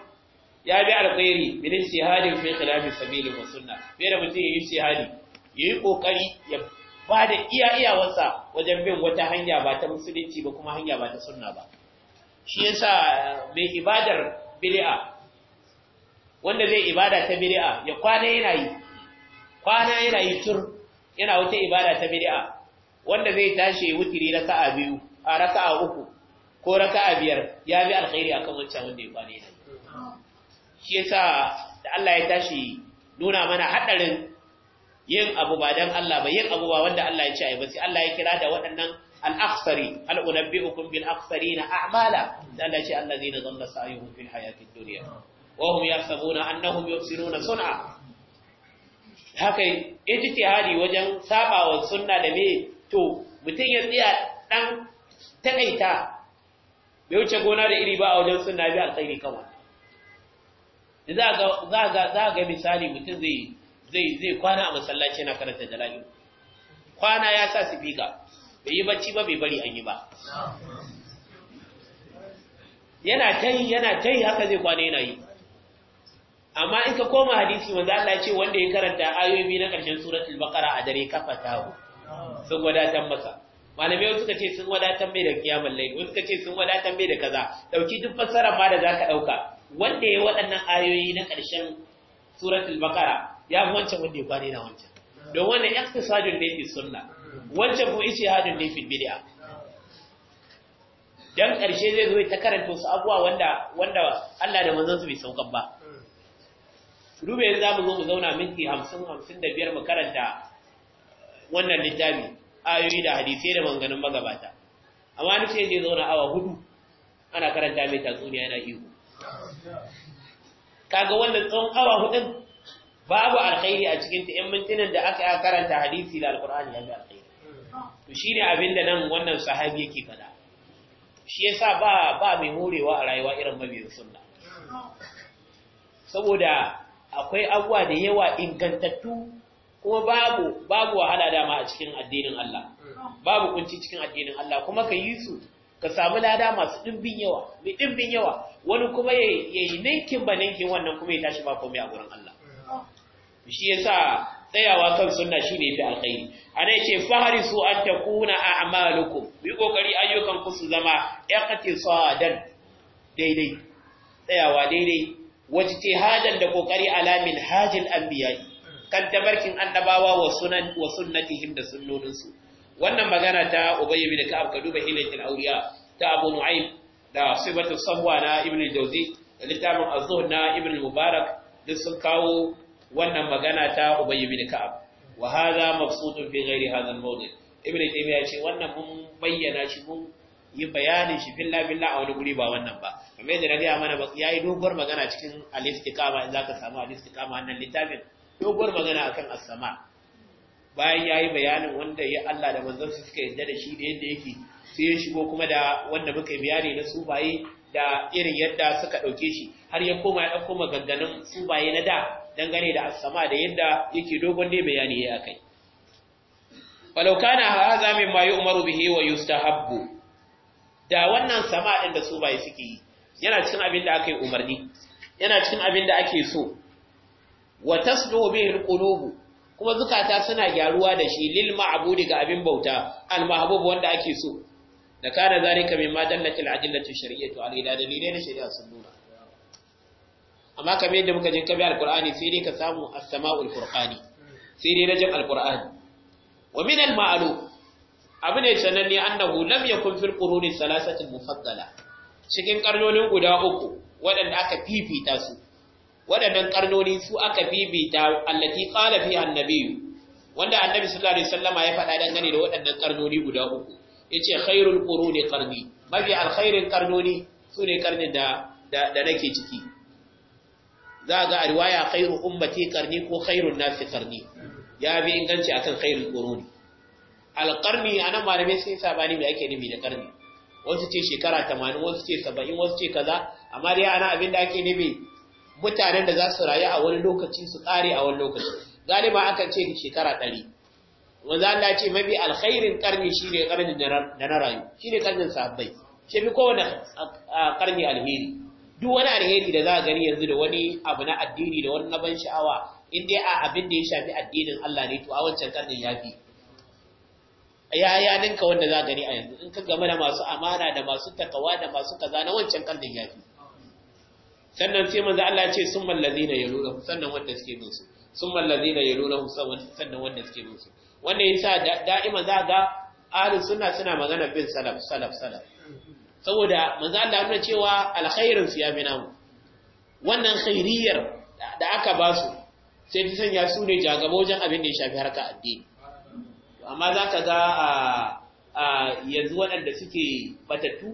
ya bi alkhairi min istihadin fi khilafi sabili wa sunna bai da mutum yi ya yi kokari ya ba da iya iyawarsa wajen bin wata hanya ba ta musulunci ba kuma hanya ba ta sunna ba shi yasa mai ibadar bid'a wanda zai ibada ta bid'a ya kwana yana yi kwana yana yi tur yana wuce ibada ta bid'a wanda zai tashi wutiri sa'a biyu a raka'a uku ko raka'a biyar ya bi alkhairi akan wancan wanda ya kwana yana shi yasa da Allah ya tashi nuna mana hadarin yin abu ba dan Allah ba yin abu ba wanda Allah ya ce ai ba sai Allah ya kira da waɗannan al-akhsari hal unabbi'ukum bil na a'mala dan da ce allazina dhalla sa'yuhum fil hayatid dunya wa hum yahsabuna annahum yuhsinuna sun'a haka ijtihadi wajen sabawa suna da me to mutum ya tsaya ɗan takaita bai wuce gona da iri ba a wajen sunna bi alkhairi kawai za ga ga misali mutum zai kwana a masallaci na karanta jalali kwana ya sa sifika bai yi bacci ba bai bari an yi ba yana ta yi yana ta yi haka zai kwana yana yi amma in ka koma hadisi wanda Allah ya ce wanda ya karanta ayoyi na ƙarshen suratul baqara a dare kafa tawo sun wadatar masa malamai suka ce sun wadatar mai da kiyamul layl wasu suka ce sun wadatar mai da kaza dauki duk fassara ma da zaka dauka wanda ya waɗannan ayoyi na ƙarshen suratul baqara ya fi wancan wanda ya kwane na wancan don wannan ikhtisajun ne fi sunna wancan ko hadin ne fil bid'a dan karshe zai zo ta karanta su abuwa wanda wanda Allah da manzon su bai saukan ba dube yanzu zamu zo mu zauna minti 50 55 mu karanta wannan littafi ayoyi da hadisi da manganin magabata amma ni sai zai zauna awa hudu ana karanta mai tatsuniya yana ihu kaga wannan tsawon awa hudun babu alkhairi a cikin ta yan mintunan da aka karanta hadisi da alqur'ani ya ga to shine abin da nan wannan sahabi yake fada shi yasa ba ba mai morewa a rayuwa irin mabiyin sunna saboda akwai abuwa da yawa ingantattu kuma babu babu wahala dama a cikin addinin Allah babu kunci cikin addinin Allah kuma ka yi su ka samu lada masu dimbin yawa mai dimbin yawa wani kuma ya yi ninkin ba ninkin wannan kuma ya tashi ba komai a gurin Allah shi yasa tsayawa kan sunna shine fi alkhairi ana yace faharisu an takuna a'malukum bi kokari ayyukan ku su zama iqtisadan daidai tsayawa daidai hajan da kokari ala hajil anbiya kan tabarkin annabawa wa sunan wa sunnatihim da su wannan magana ta ubay ibn ka'ab ka duba hilatul awliya ta abu nu'aym da sibatu na ibn jawzi da littafin az-zuhd na ibn mubarak duk sun kawo wannan magana ta Ubay ibn Ka'ab wa hadha mabsutun fi ghairi hadha al-mawdi ibn ce wannan mun bayyana shi mun yi bayanin shi billa billa a wani guri ba wannan ba kamar yadda na gaya mana ba yayi doguwar magana cikin al-istiqama idan zaka samu al-istiqama wannan littafin doguwar magana akan as-sama bayan yayi bayanin wanda ya Allah da manzon suka yarda da shi da yadda yake sai ya shigo kuma da wanda muka bayani na subaye da irin yadda suka ɗauke shi har ya koma ya dauko maganganun su baye na da dangane da asama da yadda yake dogon ne bayani ya akai walau kana hadha mimma yu'maru bihi wa yustahabbu da wannan sama din da su bai suke yi yana cikin abin da aka umarni yana cikin abin da ake so wa taslu bihi al kuma zukata suna gyaruwa da shi lil ma'budi ga abin bauta al mahbub wanda ake so da kana zalika mimma dallatil adillatu shar'iyyatu alayhi da dalilai na shari'a sun nuna amma kamar yadda muka ka bi alqur'ani sai dai ka samu as-sama'ul sai dai rajin alqur'ani wa min al abu ne sananne annahu lam yakun fil quruni salasati mufaddala cikin karnonin guda uku waɗanda aka fifita su waɗannan karnoni su aka fifita allati qala fiha annabiyyu wanda annabi sallallahu alaihi wasallama ya faɗa dangane da waɗannan karnoni guda uku yace khairul quruni qarni mafi alkhairin karnoni sune karnin da da nake ciki za ga a riwaya khairu ummati karni ko khairun nasi karni ya bi inganci akan khairul quruni alqarni anan malamai sai sabani mai ake nufi da karni wasu ce shekara 80 wasu ce 70 wasu ce kaza amma dai ana abin da ake nufi mutanen da za su rayu a wani lokaci su kare a wani lokaci galiba akan ce shekara 100 wanda Allah ce mabi alkhairin karni shine karnin da na rayu shine karnin sahabbai shi bi kowane karni alheri duk wani alheri da za a gani yanzu da wani abu na addini da wani naban ban sha'awa in dai a abin da ya shafi addinin Allah ne to a wancan karnin ya fi ya ya ninka wanda za a gani a yanzu in ka game da masu amana da masu takawa da masu kaza na wancan karnin ya fi sannan sai manzo Allah ya ce summal ladina yaluna sannan wanda suke bin su summal ladina yaluna sannan wanda suke bin su wannan yasa da'iman za ga ahlus sunna suna magana bin salaf salaf salaf saboda manzo Allah ya cewa alkhairin su ya bi namu wannan khairiyar da aka ba su sai ta sanya su ne jagaba wajen abin da ya shafi harka addini amma za ka ga a yanzu waɗanda suke batattu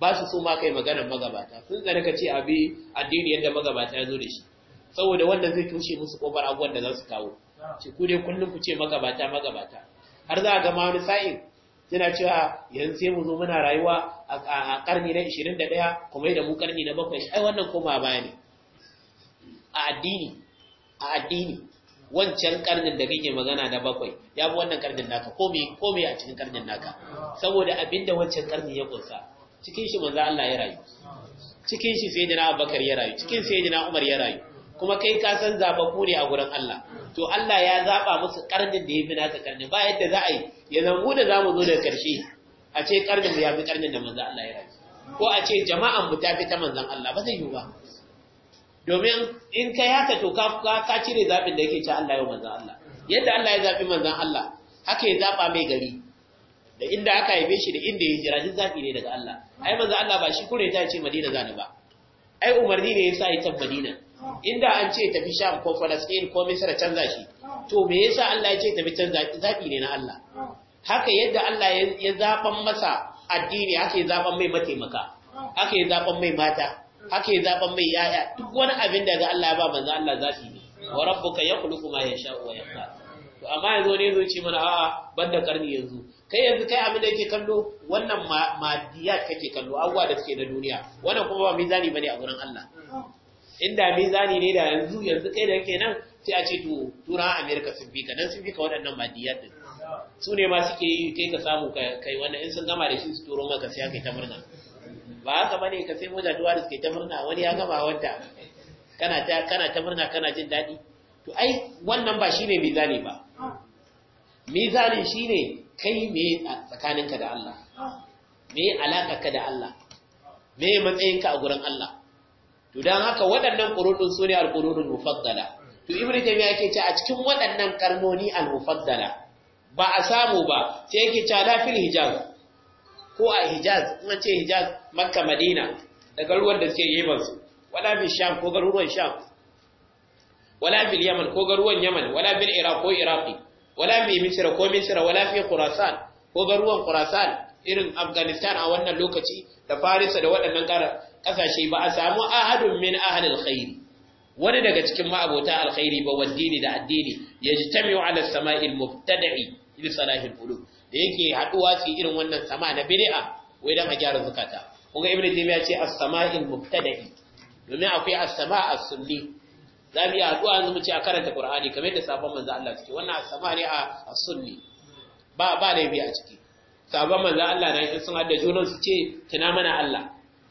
ba su so ma kai maganar magabata sun tsare ka ce abi addini yadda magabata ya zo da shi saboda wannan zai toshe musu kofar abubuwan da za su kawo ce ku dai kullum ku ce magabata magabata har za a gama wani sa'in suna cewa yanzu sai mu zo muna rayuwa a karni na 21 kuma da mu karni na 7 ai wannan koma baya ne a addini a addini wancan karnin da kake magana da bakwai ya bi wannan karnin naka komai komai a cikin karnin naka saboda abinda wancan karni ya kunsa cikin shi manzo Allah ya rayu cikin shi sayyidina Abubakar ya rayu cikin sayyidina Umar ya rayu kuma kai ka san zababbu ne a gurin Allah to Allah ya zaba musu karnin da yafi nasa karnin ba yadda za a yi ya zangu da zamu zo daga karshe a ce karnin da yafi karnin da manzon Allah ya rayu ko a ce jama'an mu tafi ta manzon Allah ba zai yi ba domin in kai haka to ka ka cire zabin da yake ci Allah ya manzon Allah yadda Allah ya zabi manzon Allah haka ya zaba mai gari da inda aka haife shi da inda ya ji duk zabi ne daga Allah ai manzon Allah ba shi kure ta ce Madina zani ba ai umarni ne yasa ya tabbadina Madina inda an ce tafi sham ko falastin ko misra canza shi to me yasa Allah ya ce tafi canza zabi ne na Allah haka yadda Allah ya zaban masa addini haka ya mai mataimaka haka ya mai mata haka ya mai yaya duk wani abin da ga Allah ya ba manzo Allah zafi ne wa rabbuka yakhluqu ma yasha wa to amma yanzu ne zo ce mana a'a banda karni yanzu kai yanzu kai abin da yake kallo wannan madiyat kake kallo abuwa da suke na duniya wannan kuma ba mizani bane a gurin Allah inda mizani ne da yanzu yanzu kai da yake nan sai a ce to tura america sun bi ka dan sun bi ka waɗannan madiyat din su ne ma suke yi kai ka samu kai wannan in sun gama da shi su turo maka sai kai ta murna ba haka ne ka sai moja duwa da suke ta murna wani ya gama wanta kana ta kana ta murna kana jin daɗi to ai wannan ba shine mizani ba mizanin shine kai me tsakaninka da Allah me alaka ka da Allah me matsayinka a gurin Allah to dan haka waɗannan qurudun sune al-qurudul mufaddala to ibnu taymiya yake ce a cikin waɗannan karnoni al-mufaddala ba a samu ba sai yake ce da fil hijaz ko a hijaz kuma ce hijaz makka madina da garuruwan da suke yi su wala fil sham ko garuruwan sham wala fil yaman ko garuruwan yaman wala fil iraq ko iraqi wala fil misra ko misra wala fil khurasan ko garuruwan khurasan irin Afghanistan a wannan lokaci da Farisa da waɗannan ƙasashe ba a samu ahadun min ahalil khairi wani daga cikin ma'abota alkhairi ba waddini da addini ya yajtami'u ala sama'il mubtada'i li salahil qulub da yake haduwa su irin wannan sama na bid'a wai dan a gyara zakata kuma ibnu ya ce as-sama'il mubtada'i domin akwai as-sama' as-sunni za mu yi haduwa yanzu mu ce a karanta qur'ani kamar yadda sabon manzo Allah suke wannan as-sama' ne a as-sunni ba ba laifi a ciki sabon manzo Allah na in sun hada junan su ce tuna mana Allah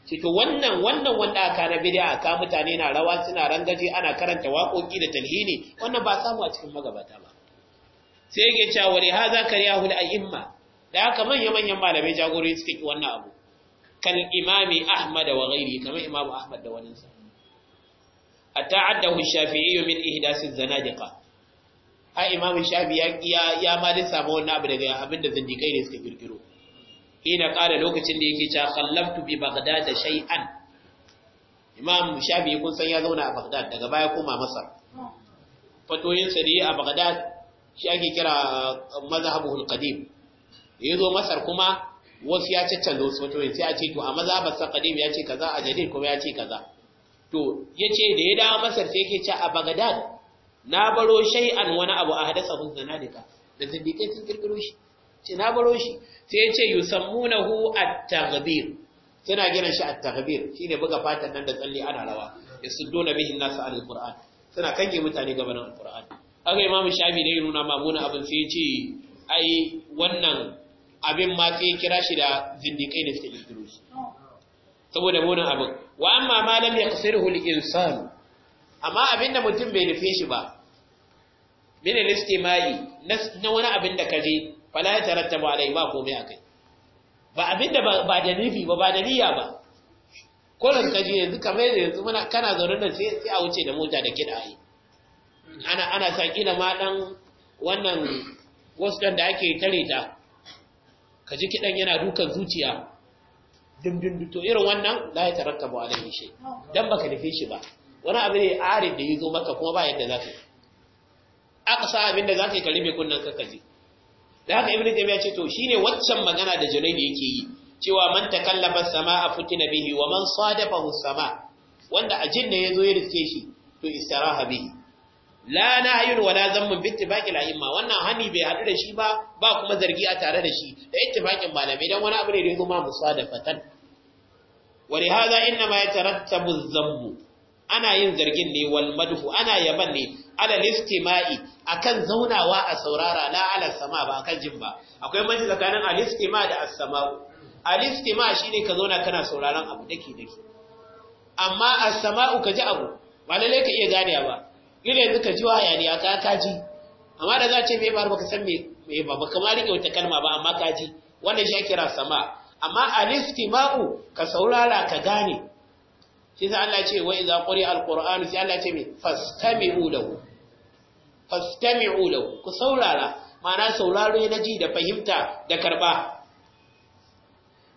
ce to wannan wannan wanda aka na bid'a ka mutane na rawa suna rangaje ana karanta waƙoƙi da talhini wannan ba samu a cikin magabata ba sai yake cewa wa li hadha kariyahu al a'imma da haka manyan manyan malamai jagorori suka ki wannan abu kal imami ahmad wa ghairi kamar imamu ahmad da waninsa ata'addahu shafi'i min ihdasi zanadiqa a imamu shafi ya ya ma samu wannan abu daga abin da zindikai ne suka kirkiro ina ƙara lokacin da yake cewa khallaftu bi baghdad shay'an imamu shafi kun san ya zauna a baghdad daga baya koma masar fatoyinsa da yi a baghdad shi ake kira uh, mazhabul qadim ya zo masar kuma wasu ya caccanza wasu fatoyin sai a ce to a mazhabar sa qadim ya ce kaza a jadid kuma ya ce kaza to yace da ya dawo masar sai yake cewa a baghdad na baro shay'an wani abu a hadasa hun zanadika da zindikai sun kirkiro shi ce na baro shi sai ya ce yusammunahu at-taghbir suna gina shi at-taghbir shine buga fatan nan da tsalle ana rawa yasudduna bihi an-nas an nasa an al quran suna kange mutane gaban al-qur'an haka imam shafi ne nuna mamuna abin sai ya ce ai wannan abin ma sai kira shi da zindiƙai da suke kirkiro shi saboda munin abin wa amma ma lam yaqsirhu al-insan amma abinda mutum bai nufe shi ba min al-istima'i na wani abin da kaje fala ya tarattabu alai ba komai akai ba abin da ba da nufi ba ba da niyya ba Kullum kaje yanzu kamar yanzu muna kana zaune da sai sai a wuce da mota da kida ai ana ana sa kila ma dan wannan wasu da ake tare ta kaje kidan yana dukan zuciya dindin to irin wannan la ya tarattabu alaihi shay dan baka nufi shi ba wani abu ne arid da yazo maka kuma ba yadda zaka yi aka sa abin da za ka yi ka rufe kunnen ka kaji da haka ibnu taymiya ce to shine waccan magana da junaydi yake yi cewa man takallama samaa futina bihi wa man sadafahu sama wanda ajin ne yazo ya riske shi to istaraha bihi la nahyun wa la zammun bi ittifaqil a'imma wannan hani bai hadu da shi ba ba kuma zargi a tare da shi da ittifaqin malamai dan wani abu ne da yazo ma musadafatan wa li hadha inma yatarattabu adh-dhanbu ana yin zargin ne wal ana yaban ne ala listima'i akan zaunawa a saurara la ala sama ba akan jin ba akwai banci tsakanin alistima da as sama'u alistima shine ka zauna kana sauraron abu dake dake amma as sama'u ka ji abu ba lalle ka iya gane ba ile yanzu ka ji hayaniya ka ka ji amma da za ce me ba baka san me me ba baka ma rike wata kalma ba amma ka ji wannan shi kira sama amma alistima'u ka saurara ka gane shi sai Allah ce wa idza quri'a al-qur'anu sai Allah ce me fastami'u lahu fastami'u lahu ku saurara ma'ana sauraro na ji da fahimta da karba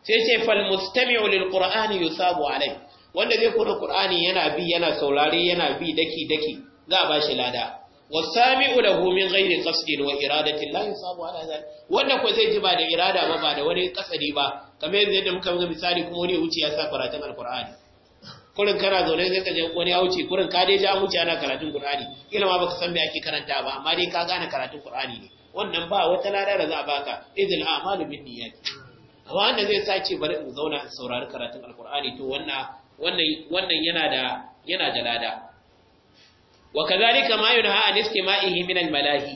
sai ce fal mustami'u lil qur'ani yusabu alai wanda zai koyi qur'ani yana bi yana saurare yana bi daki daki ga ba bashi lada wasami'u lahu min ghairi qasdi wa iradati la yusabu ala zalik wanda ko zai ji ba da irada ba ba da wani kasari ba kamar yadda muka ga misali kuma wani wuce ya sa karatun alqur'ani kurin kana zaune sai ka wani auci. kurin ka dai ja wuce ana karatun Qur'ani kila ma baka san me ake karanta ba amma dai ka gane karatun Qur'ani ne wannan ba wata lada da za a baka idil a'malu bin niyyat amma wanda zai sace bari in zauna in saurari karatun Al-Qur'ani to wannan wannan wannan yana da yana da lada wa kadhalika ma yunha an istima'ihi min al-malahi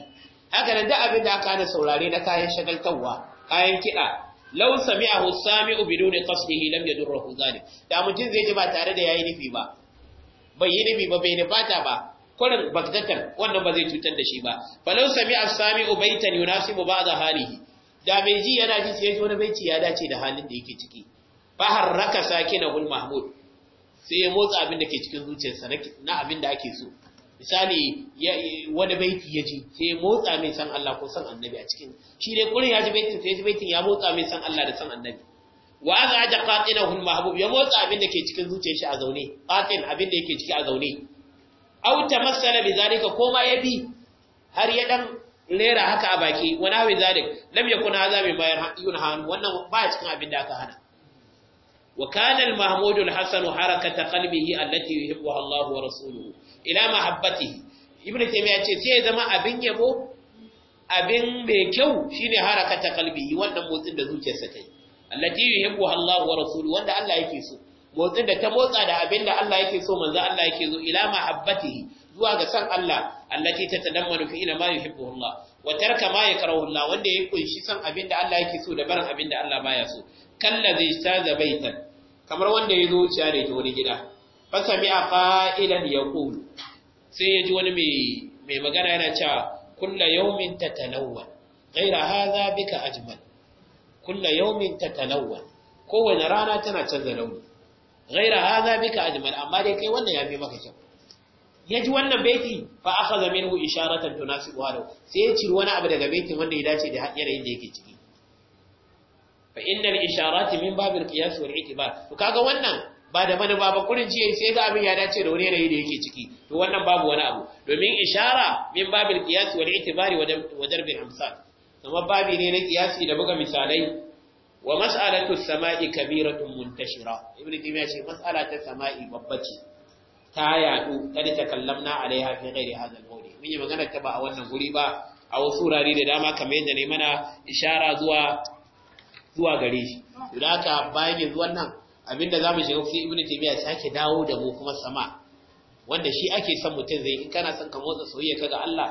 haka nan da abin da aka hana saurare na kayan shagaltawa kayan kiɗa law sami'ahu sami'u biduni qasdihi lam yadurruhu zalim da mutum zai ji ba tare da yayi nufi ba bai yi nufi ba bai nufata ba kullun bagdatar wannan ba zai cutar da shi ba falau sami'a sami'u baitan ba ba'da halihi da bai ji yana ji sai wani baiti ya dace da halin da yake ciki fa harraka sakinahul mahmud sai ya motsa abin da ke cikin zuciyarsa na abin da ake so misali wani baiti ya ji sai motsa mai san Allah ko san annabi a cikin shi dai kurin ya ji baitin sai ya ji baitin ya motsa mai san Allah da san annabi wa za ja qatinahul mahbub ya motsa abin da ke cikin zuciyar shi a zaune qatin abin da yake ciki a zaune aw masala bi zalika ko ma ya bi har ya dan rera haka a baki wa nawi zalik lam yakun hadha min bayan hannu? wannan ba cikin abin da aka hana wa kana al mahmudul hasan harakat qalbihi allati yuhibbuha Allah wa rasuluhu ila mahabbatihi ibn ya ce sai ya zama abin yabo abin mai kyau shine harakata kalbi wannan motsin da zuciyarsa ta yi allati yuhibbu Allah wa rasuluhu wanda Allah yake so motsin da ta motsa da abin da Allah yake so manzo Allah yake so ila mahabbati zuwa ga san Allah allati tatadammanu fi ila ma yuhibbu Allah wa tarka ma yakrahu Allah wanda ya kunshi san abin da Allah yake so da barin abin da Allah baya so kallazi staza baitan kamar wanda ya zo wuciya ta wani gida fasami a ƙa'ilan ya ƙulu sai ya ji wani mai magana yana cewa kulla yaumin ta tanawwa ƙaira haza bika ajmal kulla yaumin ta tanawwa kowane rana tana canza launi ƙaira haza bika ajmal amma dai kai wannan ya fi maka kyau ya ji wannan baiti fa aka zame nuhu isharatan tunasi wado sai ya ciri wani abu daga baitin wanda ya dace da yanayin da yake ciki fa innal isharati min babil qiyas wal itibar to kaga wannan ba da manufa ba kurin ciye sai ga abin ya dace da wani yanayi da yake ciki to wannan babu wani abu domin ishara min babil qiyas wal itibari wa al amsal kuma babi ne na qiyasi da buga misalai wa mas'alatu samai kabiratun muntashira ibnu taymiya ce mas'ala ta sama'i babba ce ta yadu kada ta kallamna alaiha fi ghairi hadha al-mawdi mun yi magana ta ba a wannan guri ba a wasu wurare da dama kamar yadda ne mana ishara zuwa zuwa gare shi. Yadda bayan yanzu nan? abinda zamu shiga sai ibnu taymiya sake dawo da mu kuma sama wanda shi ake son mutum zai in kana son ka motsa soyayya ga Allah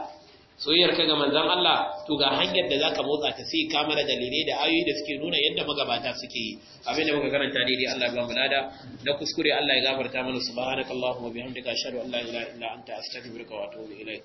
soyayyar kaga manzon Allah to ga hanyar da zaka motsa ta sai ka mara dalilai da ayoyi da suke nuna yadda magabata suke yi abinda muka karanta daidai Allah ya ba lada na kuskure Allah ya gafarta mana subhanakallahumma bihamdika ashhadu an la ilaha illa anta astaghfiruka wa atubu ilaik